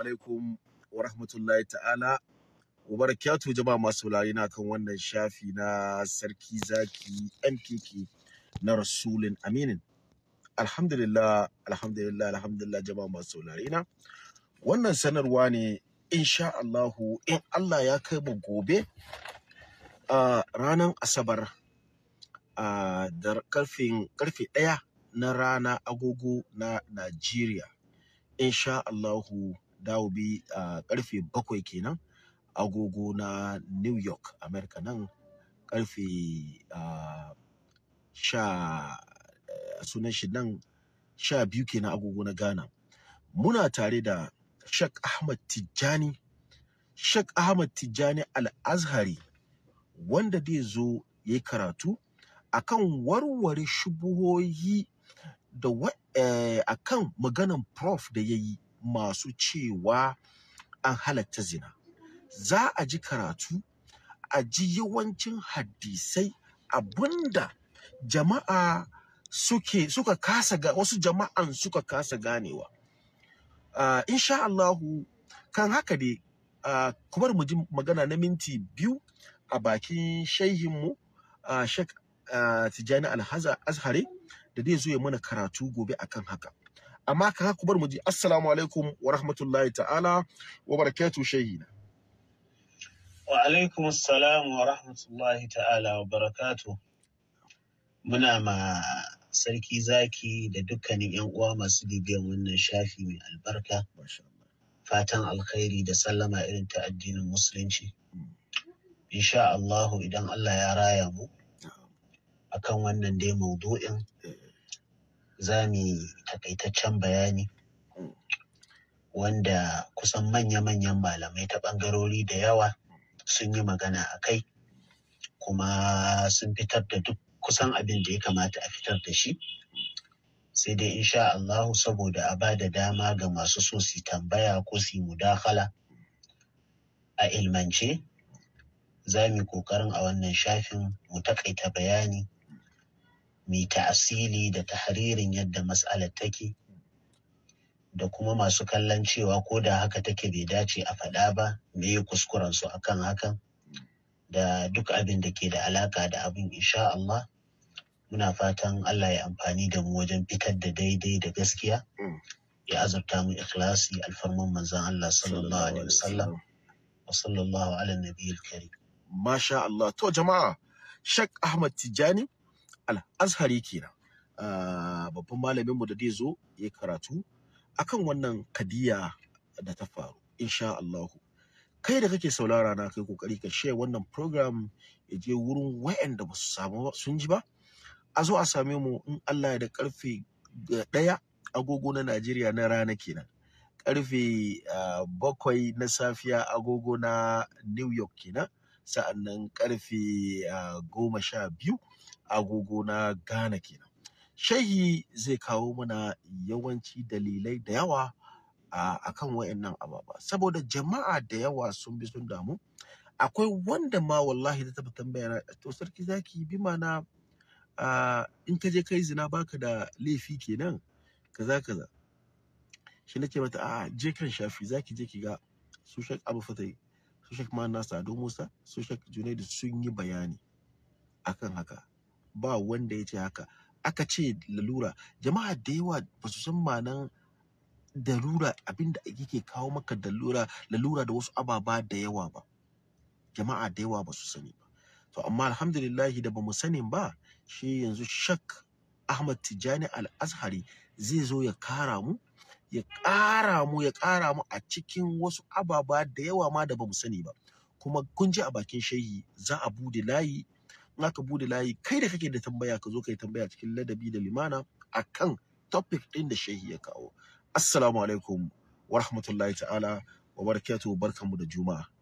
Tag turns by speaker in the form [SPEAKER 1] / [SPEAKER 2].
[SPEAKER 1] alaikum wa rahmatullahi ta'ala wa barakatu jama'a masu saurari na kan wannan shafi na sarki zaki MKK na rasulin aminin alhamdulillah alhamdulillah alhamdulillah jama'a masu saurari na wannan sanarwa ne insha Allahu in Allah ya kai mu gobe a ranar asabar a da karfe ɗaya na rana agogo na Najeriya insha Allahu dawo bi a karfe bakwai kenan agogo na new york america nan karfe sha eh, sunan shi nan sha biyu kenan agogo na ghana muna tare da shak ahmad tijjani shak ahmad tijjani al-azhari wanda zai zo ya yi karatu akan warware shubuhohi da eh, kan maganan prof da ya yi masu cewa an halatta zina za a ji karatu a ji yawancin hadisai abinda jama'a suke suka kasa ga wasu jama'an suka kasa ganewa uh, insha Allahu kan haka ne uh, kuma mu ji magana na minti biyu a bakin shaihin mu Sheikh uh, Tijani Alhaza azhari da zai zo ya mana karatu gobe akan haka amma ka haku bar mu ji assalamu alaikum wa rahmatullahi ta'ala wa barakatuh shehina
[SPEAKER 2] wa alaikum assalam wa rahmatullahi ta'ala wa barakatuh muna ma sarki zaki da dukkanin yan uwa masu bibiyan wannan shafi mai albarka fatan alkhairi da sallama irin ta addinin musulunci mm. insha Allahu idan Allah ya raya mu akan wannan dai maudu'in za mu yi takaitaccen bayani wanda kusan manya-manyan malamai ta ɓangarori da yawa sun yi magana a kai kuma sun fitar da duk kusan abin da ya kamata a fitar da shi sai dai insha Allahu saboda a ba da dama ga masu so su tambaya ko su mudakala a ilmance za mu yi ƙoƙarin a wannan shafin mu takaita bayani mai ta'asili da tahririn yadda mas'alar take da kuma masu kallon cewa ko da haka take bai dace a faɗa ba me yi kuskuren su akan hakan da duk abin da ke da alaka da abin insha Allah muna fatan Allah ya amfani da mu wajen fitar da daidai da gaskiya mm. ya azurta mu ikhlasi alfarman manzon Allah sallallahu alaihi wasallam wa sallallahu ala nabiyil karim masha Allah
[SPEAKER 1] to jama'a Sheikh Ahmad Tijani al-azhari kenan ah, babban malamin mu da zai zo ya karatu akan wannan kadiya da ta faru insha Allah kai da kake saurara na kai kokari ka share wannan program ya je wurin wayanda ba su samu sun ji ba a zo a same mu in Allah ya da karfe daya agogo na Najeriya na rana kenan karfe ah, bakwai na safiya agogo na New York kenan sa'annan karfe ah, goma sha biyu agogo na Ghana kenan. Shehi zai kawo mana yawanci dalilai da yawa a kan wa'annan ababa. Saboda jama'a da yawa sun bi sun damu, akwai wanda ma wallahi da taɓa tambaya na to sarki zaki bi mana in ka je kai zina baka da laifi kenan kaza kaza. Shi nake mata a je kan shafi zaki je ki ga su Abu Fatai, su shek Mana Sado Musa, su shek sun yi bayani akan haka. ba wanda ya ce haka aka ce lalura jama'a da yawa ba su san ma'anan darura abinda yake kawo maka dalura lalura da wasu ababa da yawa ba jama'a da yawa ba su sani ba to amma alhamdulillah da bamu sani ba shi yanzu shak ahmad tijani al-azhari zai zo ya kara mu ya kara mu ya kara mu a cikin wasu ababa da yawa ma da bamu sani ba kuma kun ji a bakin shayi za a bude layi in aka bude layi kai da kake da tambaya ka zo ka tambaya cikin ladabi da limana akan topic din da shehi ya kawo assalamu alaikum wa rahmatullahi ta'ala wa barakatuhu barkanmu da juma'a